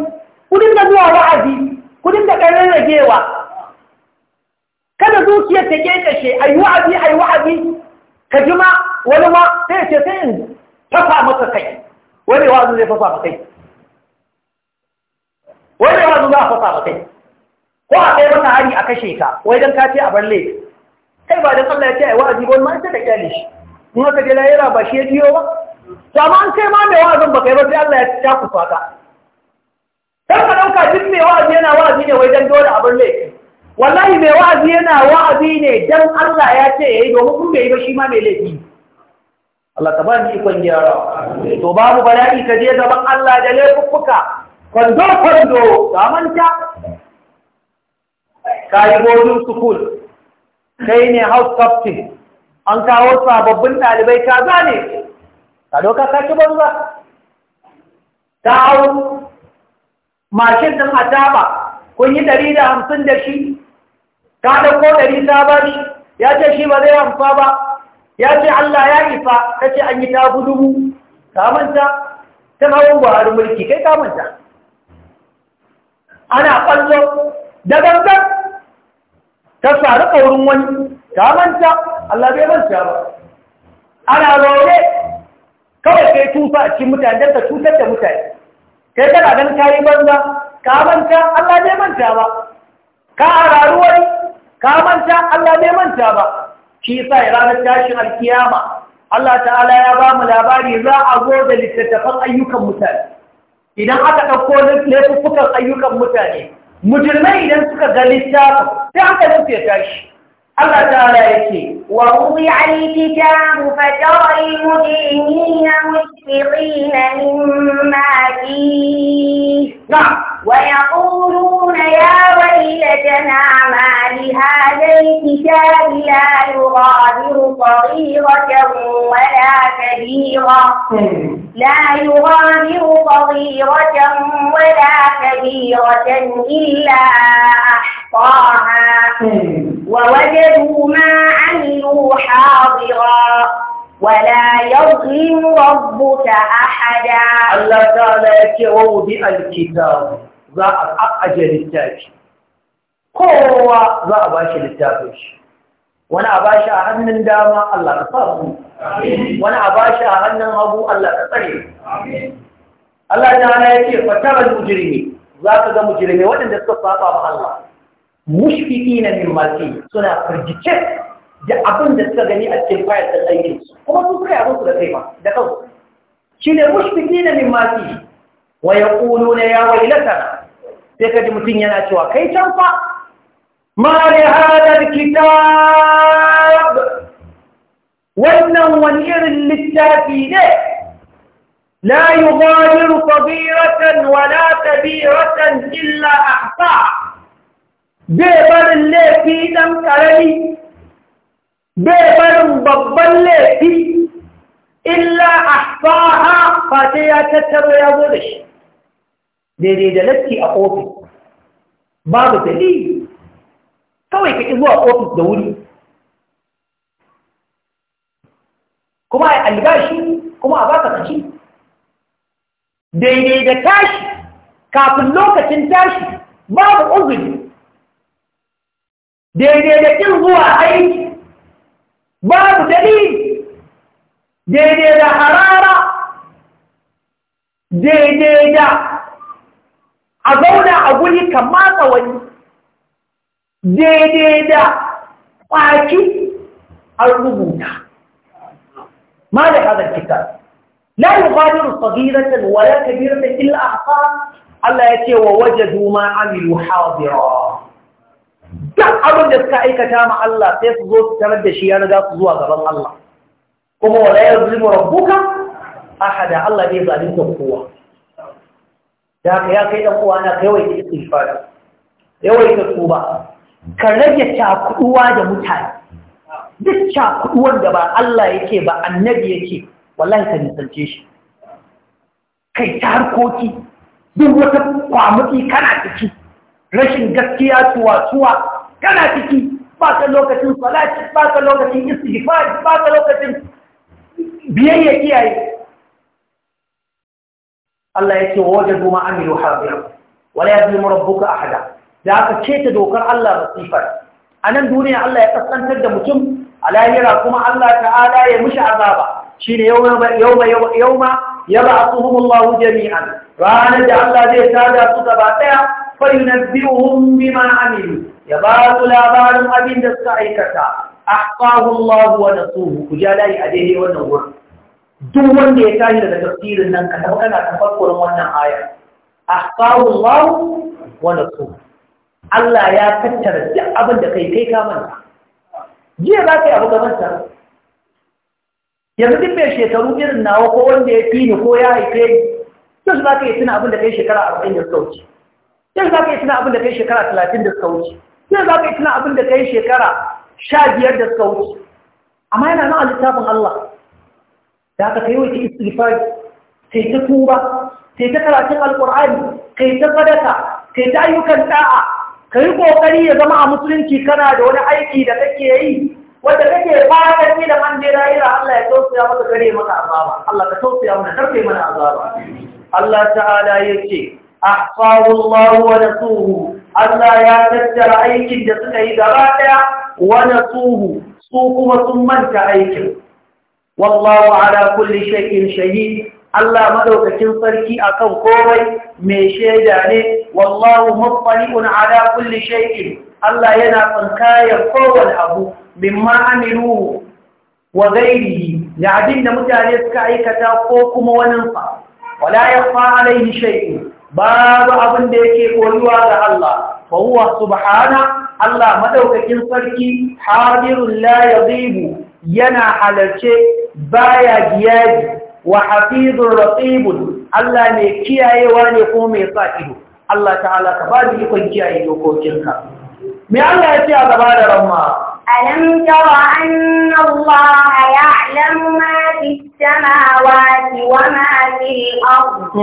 ku dinga zuwa wa'azi ku dinga ƙarin ragewa kada zuciyar ta kekeshe ayi wa'azi ayi wa'azi ka jima wani ma sai ce sai in fasa masa kai wani wazu zai fasa masa kai wani wazu za a fasa masa kai ko a kai masa hari a kashe ka wai don kace a bar kai ba don Allah ya ce a yi wa'azi ba wani ma ita da kyale shi in aka je lahira ba shi ya biyo ba to amma an kai ma mai wa'azin ba kai ba sai Allah ya cakufa ka kar ka ɗauka duk mai wa'azi yana wa'azi ne wai don dole a bar wallahi mai wa'azi yana wa'azi ne don Allah ya ce ya yi domin kun bai yi ba shi ma mai laifi Allah ta bani ikon gyara to babu bala'i ka je gaban Allah da laifuffuka kwando kwando ka manta ka yi boarding school kai ne house captain an kawo sababbin ɗalibai ka zane ka doka ka ci banza ta hau mashin ɗin taɓa kun yi ɗari da hamsin da shi ka ɗauko ɗari ta shi? ya ce shi ba zai hamsa ba ya ce Allah ya isa ta ce an yi tafi dubu kamanta ta hawan buhari mulki kai kamanta ana ƙwallo da gangan ta sari ƙaurin wani kamanta Allah bai manta ba ana zaune kawai kai tufa a cikin mutane don ka cutar da mutane kai kana ganin yi banza kamanta Allah bai manta ba ka a raruwar kamanta Allah bai manta ba shi yasa ranar tashin alkiyama Allah ta'ala ya ba mu labari za a zo da littattafan ayyukan mutane idan aka ɗauko laifukan ayyukan mutane mujirmai idan suka ga littafin sai aka nufi ya tashi Allah ta'ala yake wa ruwi al-kitabu fa tara al-mujrimina mushfiqina mimma fihi wa yaquluna ya waylatana ma هذا الكتاب لا يغادر صغيرة ولا كبيرة hmm. لا يغادر صغيرة ولا كبيرة إلا أحصاها hmm. ووجدوا ما عملوا حاضرا ولا يظلم ربك أحدا الله تعالى يكره الكتاب ذا أجل التاج kowa za a bashi littafin shi wani a bashi a hannun dama Allah ka sa mu wani a bashi a hannun hagu Allah ka tsare Allah ya hana ya ce fataral mujrimi za ka ga mujrimi waɗanda suka saba ma Allah na min mati suna firgice da abin da suka gani a cikin fayar da aikin kuma su kai abin su da kai ba da kansu shine na min mati wa ya yaquluna ya wailata? sai ka ji mutum yana cewa kai can fa ما لهذا الكتاب وانه ير للتأكيد لا يغادر صغيرة ولا كبيرة إلا أحصى بيبر اللي في دم كرلي بيبر مبب اللي في إلا أحصاها فاتيا كتر يا ظلش دي دي دلتي أقوتي بعض دليل kawai ka ƙi zuwa ofis da wuri kuma a albashi kuma a baka kaci daidai da tashi kafin lokacin tashi babu uzuri daidai da ƙin zuwa aiki babu dalili daidai da harara daidai da a zauna a guri kan matsa wani daidai da ƙwaki an rubuta ما لهذا الكتاب لا يغادر صغيرة ولا كبيرة إلا أعطاها الله يتي ووجدوا ما عملوا حاضرا duk abin da suka aikata ma Allah sai su zo su tarar da shi ya riga su zuwa gaban Allah kuma wala yazlimu rabbuka ahada Allah bai zalunta kowa da haka ya kai dan uwa na kai wai istighfar yawaita tuba ka rage cakuduwa da mutane duk cakuduwar da ba Allah yake ba annabi yake wallahi ka nisance shi kai ta harkoki duk wata kwamuki kana ciki rashin gaskiya tuwa-tuwa kana ciki ba ka lokacin salati ba ka lokacin istighfar ba ka lokacin biyayya kiyaye Allah yake wajen duma amilu hadir wala yadhlimu rabbuka ahada da aka ta dokar Allah masifar a nan duniya Allah ya kaskantar da mutum a lahira kuma Allah ta'ala ya mushi azaba shine a yauma yab'athuhumullahu jami'an ranar da Allah zai tada su gaba daya fa yunabbi'uhum bima amilu ya ba su labarin abin da suka aikata ahqahu Allah wa nasuhu kujalai a daidai wannan wurin duk wanda ya tashi daga tafsirin nan ka dauka na tafakkurin wannan aya ahqahu Allah wa nasuhu Allah ya tattara duk abin da kai kai ka manta jiya za ka yi abu gabansa yanzu duk mai shekaru irin nawa ko wanda ya fi ni ko ya haife ni yanzu za ka yi tuna abin da kai shekara arba'in da suka wuce yanzu za ka yi tuna abin da kai shekara talatin da suka wuce yanzu za ka yi tuna abin da kai shekara sha biyar da suka wuce amma yana nan a littafin Allah da aka kai wuce istighfar sai ta tuba sai ta karatun alƙur'ani kai ta fadaka, kai ta ayyukan ɗa'a, ka yi ƙoƙari ya zama a musulunci kana da wani aiki da kake yi wanda kake fara ni da man je da'ira Allah ya tausaya maka gare maka azaba Allah ka tausaya mana karfe mana azaba Allah ta'ala yace ahsahu Allah wa nasuhu Allah ya tattara aikin da suka yi gaba daya wa nasuhu su kuma sun manta aikin wallahu ala kulli shay'in shahid Allah madaukakin sarki akan komai mai shaida ne wallahu muttali'un ala kulli shay'in Allah yana tsankaya kowane abu mimma amilu wa ghairihi da abin da mutane suka aikata ko kuma wannan fa wala yakhfa alayhi shay'un babu abin da yake koyuwa ga Allah fa huwa subhana Allah madaukakin sarki hadirun la yadhibu yana halarce baya giyaji وحفيظ رقيب الله مي كياي واني كو مي الله تعالى كبار لي كون كياي يوكو جنكا مي الله يتي غبا رما الم تر ان الله يعلم ما في السماوات وما في الارض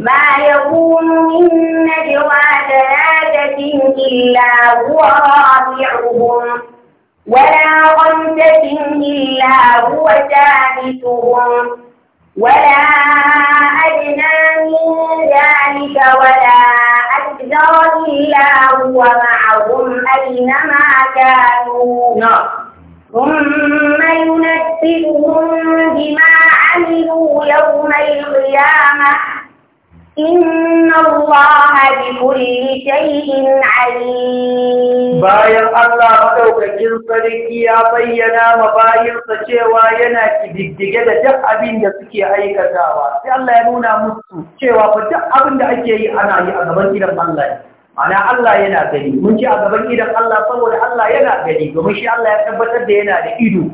ما يكون من نجوى ثلاثه الا هو رابعهم ولا غمزه الا هو ثالثهم ولا أدنى من ذلك ولا أكثر إلا هو معهم أينما كانوا نعم ثم ينبئهم بما عملوا يوم القيامة إن الله بكل bayan Allah maɗaukakin sarki ya bayyana ma bayansa cewa yana kididdige da duk abin da suke aikatawa sai Allah ya nuna musu cewa fa duk abin da ake yi ana yi a gaban gidan Allah mana Allah yana gani mun ci a gaban gidan Allah saboda Allah yana gani domin shi Allah ya tabbatar da yana da ido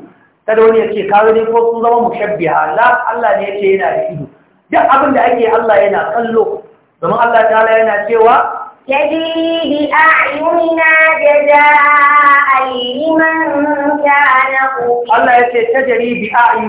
kada wani ya ce kawai ne ko sun zama mushabbiha la Allah ne ya ce yana da ido duk abin da ake Allah yana kallo domin Allah ta'ala yana cewa تجري a جزاء لمن كان Allah ya ce ta jari bi a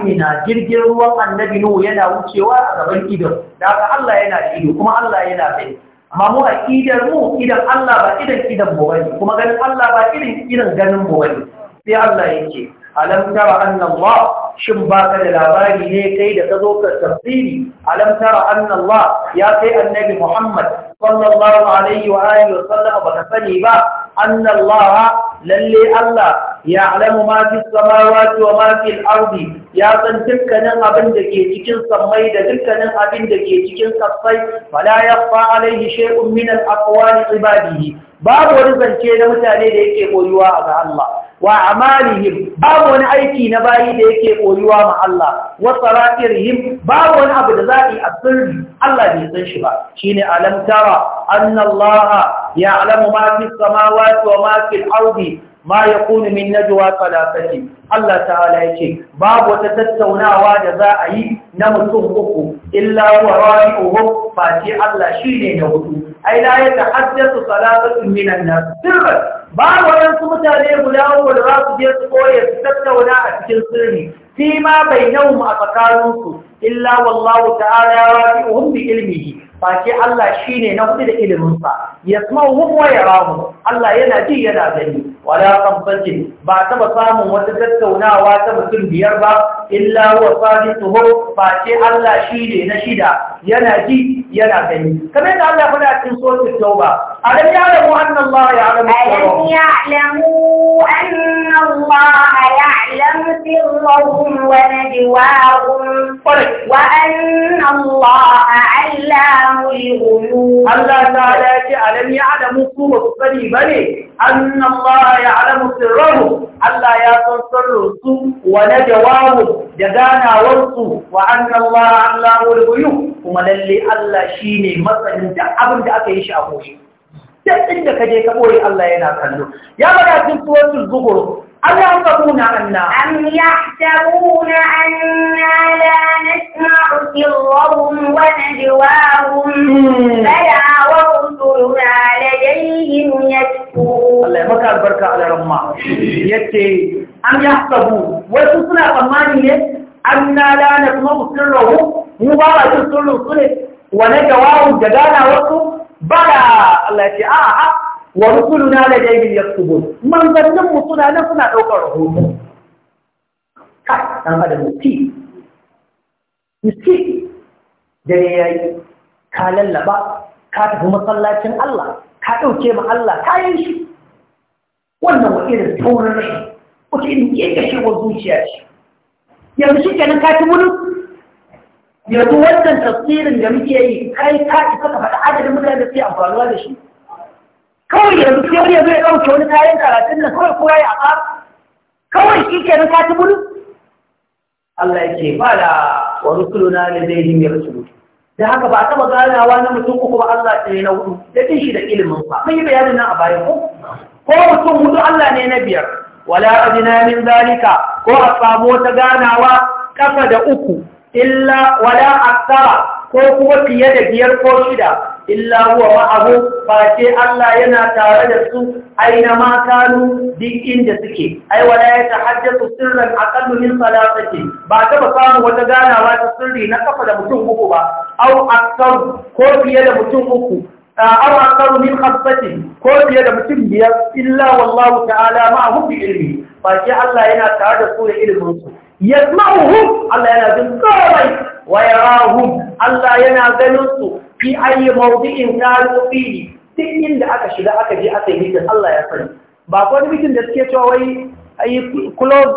jirgin ruwan annabi Nuhu yana wucewa a gaban idon, da Allah yana da ido kuma Allah yana bai. Amma mu a idan mu idan Allah ba idan idan mu bane, kuma ganin Allah ba irin irin ganin mu bane. Sai Allah ya ce, alam tara anna Allah shin baka da labari ne kai da ka zo ka tafsiri alam tara anna Allah ya kai annabi Muhammad sallallahu alaihi wa alihi wa sallam baka sani ba anna Allah lalle Allah يعلم ما في السماوات وما في الأرض ya san dukkanin abin da ke cikin sammai da dukkanin abin da ke cikin sassai fala yaqfa alaihi shay'un min al-aqwali ibadihi babu wani zance na mutane da yake koyuwa ga Allah wa amalihim babu wani aiki na bayi da yake koyuwa ma Allah wa sarakirihim babu wani abu da za'i a sirri Allah bai san shi ba shine alam tara anna Allah ya'lamu ma fi samawati wa ma fi al-ardi ma ya kunu min najwa salatati Allah ta'ala ce, babu wata tattaunawa da za a yi na mutum uku illa wa rabi'uhum fati Allah shine na hudu ai ya tahaddathu salatun min an-nas sirra ba waɗansu mutane guda uku da za su je su koye su tattauna a cikin sirri fi ma bainahum a tsakaninsu illa wallahu ta'ala rabi'uhum bi ilmihi face Allah shi ne na hudu da iliminsa ya smahu wa ya rahu Allah yana ji yana gani wala kamfanci ba taba samun wata tattaunawa ta mutum biyar ba illa wa sadiquhu face Allah shi ne na shida yana ji yana gani kamar yadda Allah fada cikin suratul tauba alam ya'lamu anna Allah ya'lamu alam ya'lamu anna Allah ya ya'lamu sirrahum wa najwahum wa anna Allah allamul ghuyub Allah ta'ala ya ce alam ya'lamu ku ba su sani bane anna Allah alamu sirrahum Allah ya san sirrinsu wa najwahum da ganawarsu wa anna Allah allamul ghuyub kuma lalle Allah shi ne matsayin da abin da aka yi shi a koyi duk inda ka je ka boye Allah yana kallo ya bada cikin suratul zuhur an yahsabuna anna an yahsabuna anna la nasma'u sirrahum wa najwahum bala wa rusuluna ladayhim yaktubun Allah ya maka albarka ala ramma yace an yahsabu wasu suna tsammani ne anna la nasma'u sirrahum mu ba ba cin sun su ne wane jawabin da gana wasu ba da Allah ce a a wa rusuluna la su yaktubun manzannin mu suna nan suna daukar rahoto ka dan adam mutti mutti ya yi. ka lallaba ka tafi masallacin Allah ka ɗauke ma Allah ta yi shi wannan wa irin taurin rashi wata irin kekashewar zuciya ce yanzu shi kenan ka ci wani yanzu wannan tafsirin da muke yi kai ta isa ka faɗa adadin mutane da suke amfanuwa da shi kawai yanzu sai wani yanzu ya ɗauke wani kayan karatun nan kawai kowa ya ba kawai shi ke nan kati bulu Allah ya ce ba da wa na ne zai yi mai rusulu da haka ba a taɓa ganawa na mutum uku ba Allah ta ne na hudu da ɗin shi da ilimin ba. mun yi bayanin nan a baya ko ko mutum hudu Allah ne na biyar wala adina min zalika ko a samu wata ganawa kafa da uku illa wala aksara ko kuma fiye da biyar ko shida illa huwa ma'ahu face Allah yana tare da su aina ma kanu duk inda suke ai wala ya tahajjatu sirran aqallu min salatati ba ta ba samu wata ganawa ta sirri na kafa da mutum uku ba au aksar ko fiye da mutum uku أو أكثر من خمسة كل يد متم إلا والله تعالى معهم بعلمه فجعل الله هنا تعالى سورة إلى المنصور yasma'uhum Allah yana jin komai wa yarahum Allah yana ganin su fi ayi mawdi'in kalu duk inda aka shiga aka je aka yi mitin Allah ya sani ba ko mitin da suke cewa wai ayi club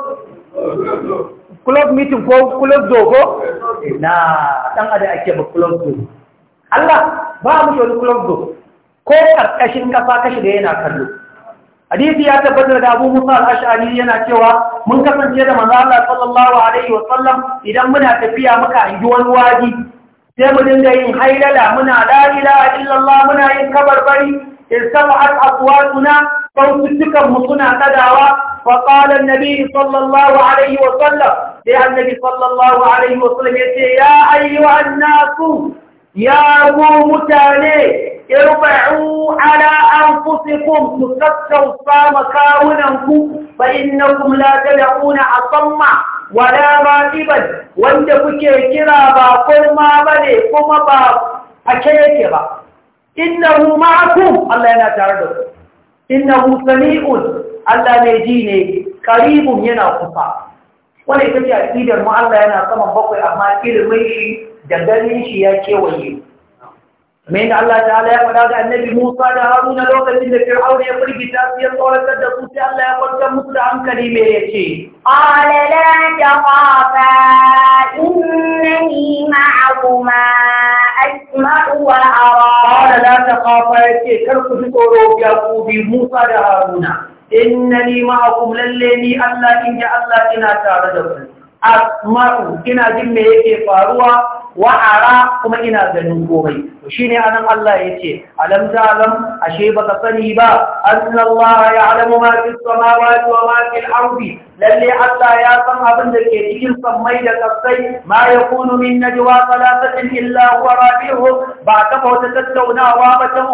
club meeting ko club do ko na dan ada ake ba club do Allah ba mu shi wani club do ko karkashin kafa kashi da yana kallo hadisi ya tabbatar da Abu Musa al-Ash'ari yana cewa mun kasance da manzo Allah sallallahu alaihi wa sallam idan muna tafiya muka hangi wani waji sai mu dinga yin hailala muna la ilaha illallah muna yin kabarbari irtaba'at aqwatuna sautukan mu suna kadawa fa qala an-nabi sallallahu alaihi wa sallam sai annabi sallallahu alaihi wa sallam ya ce ya ayyuhan nasu ya ku mutane irfa'u ala anfusikum tusassaufa makawunanku fa innakum la tad'una asamma wala ra'iban wanda kuke kira ba kurma bane kuma ba ake yake ba innahu ma'akum Allah yana tare da ku innahu sami'un Allah mai ji ne karibun yana kusa wannan ita ce aqidar mu Allah yana saman bakwai amma ilimin shi da shi ya kewaye kamar yadda Allah ta'ala ya faɗa ga annabi Musa da Haruna lokacin da Fir'auna ya firgita su ya tsoratar da su sai Allah ya kwanta musu da hankali me yace qala la taqafa innani ma'akuma asma'u wa ara qala la ya yace kar ku ji tsoro ya ku bi Musa da Haruna innani ma'akum lalle ni Allah inda Allah ina tare da ku asma'u ina jin me yake faruwa wa ara kuma ina ganin komai to shine anan Allah yace alam ta'lam ashe baka sani ba anna Allah ya'lamu ma fis samawati wa ma fil ardi lalle Allah ya san abin da ke cikin sammai da kasai ma yakunu min najwa thalathatin illa huwa rabi'uhum ba ta wata tattaunawa ba ta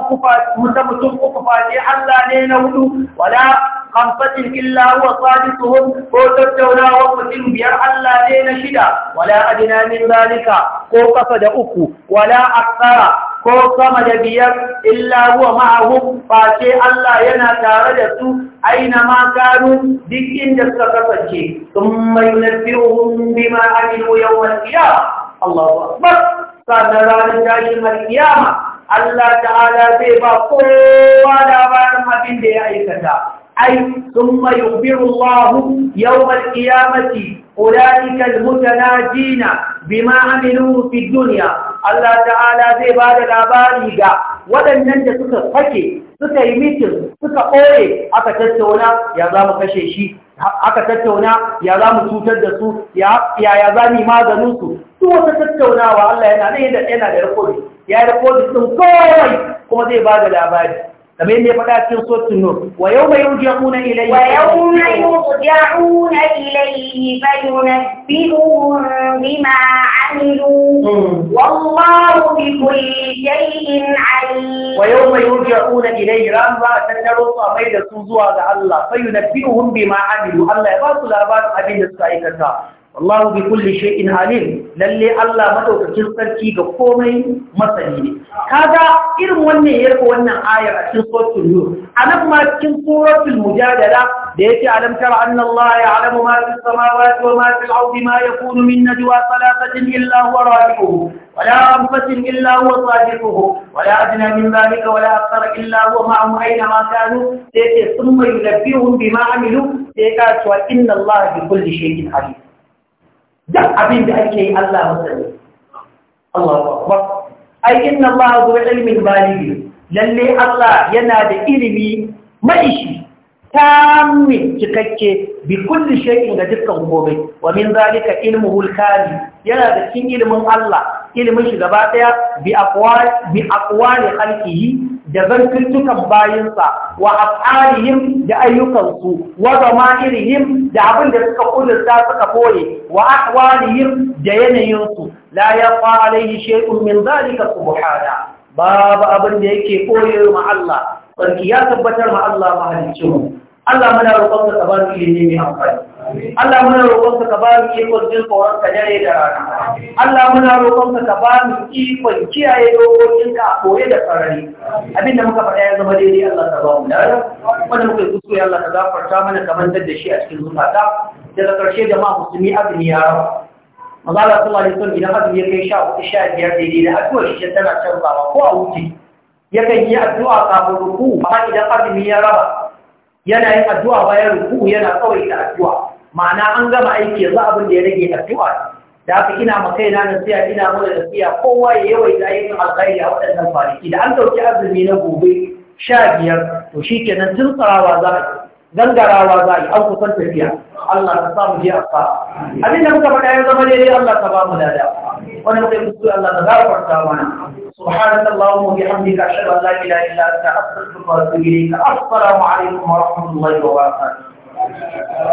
mutum uku fa Allah ne na hudu wala خمسة إلا هو صادقهم وتتونا وقتهم بير ألا دين شدا ولا أدنى من ذلك قوقف uku, ولا أكثر ko kama da biyar illa huwa ma'ahum face Allah yana tare da su aina ma kanu duk suka kasance thumma na bima amilu ranar tashin al Allah ta'ala zai ba kowa labarin abin da ya aikata أي ثم يخبر الله يوم القيامة أولئك المتناجين بما عملوا في الدنيا الله تعالى زي بعد labari ولن ننجى da suka yi mitin suka ɓoye aka tattauna ya za mu kashe shi aka tattauna ya za mu cutar da su ya ya za mu maganin su su wata tattaunawa Allah yana da yana da rikodi kowai kuma zai ba da labari kamar yadda ya faɗa cikin sotun nur wa yau mai yau jiyar munan ilayi wa yau mai yau jiyar munan ilayi bayu na biyu bima amilu hmm. wallahu bi kulli shay'in alim wa mai yau jiyar munan za a san su a mai da su zuwa ga Allah bayu na biyu bima amilu Allah ya ba su labarin abin da suka aikata Allah bi kulle shi in halin lalle Allah maɗaukacin sarki ga komai masani ne. Kaga irin wannan yarka wannan ayar a cikin sotun yau, a nan ma cikin tsoron mujadala da ya ce alamtar annallah ya alamu ma fi sama wa ya ma fi alaudi ma ya kunu min na juwa salatatin illa huwa rabi'uhu. Wala amfasin illa huwa wala adna min wala akthar illa huwa ma am aina ma kanu sai ce sun mai labbihum bima amilu sai ka cewa innallahu Allah bi kulli shay'in alim. duk abin da ake yi Allah masani Allah akbar ai inna ilmin balidi lalle Allah yana da ilimi maishi tamin cikakke bi kulli shay'in ga dukkan gobe. wa min zalika ilmi al-kamil yana da cikin ilimin Allah ilimin shi gaba daya bi aqwali khalqihi da zantuttukan bayinsa wa af'alihim da ayyukansu wa irihim da abin da suka kudurta suka boye wa ahwalihim da yanayinsu la yaqa alayhi shay'un min dhalika subhana babu abin da yake koyo ma Allah sarki ya tabbatar ma Allah mahaliccin Allah muna roƙon ka ba mu ilimi mai amfani Allah muna roƙon ka ba mu ikon jin tsoron ka dare da rana Allah muna roƙon ka ba mu ikon kiyaye dokokin ka a koye da sarari abinda muka faɗa ya zama daidai Allah ta ba mu da wanda muka yi kuskure Allah ka gafarta mana ka mantar da shi a cikin zukata daga ƙarshe jama'a musulmi azumi ya rawa maza Allah sallallahu alaihi wasallam idan azumi ya kai sha uku sha biyar daidai da addu'ar shi tana canzawa ko a wuce yakan yi addu'a kafin ruku amma idan azumi ya raba yana yin addu'a bayan ruku yana kawai da addu'a ma'ana an gama aiki yanzu abin da ya rage addu'a da aka ina ma kaina nasiya ina mana nasiya kowa ya yawaita ayyukan alkhairi a waɗannan kwanaki da an ɗauki azumi na gobe sha biyar to shi kenan tun tsarawa za a gangarawa za a yi an kusan tafiya Allah ta samu je a abin da muka faɗa ya zama daidai Allah ta ba mu lada wannan sai kuskure Allah ta gafarta mana سبحانك اللهم وبحمدك أشهد أن لا إله إلا أنت أستغفرك وأتوب إليك السلام عليكم ورحمة الله وبركاته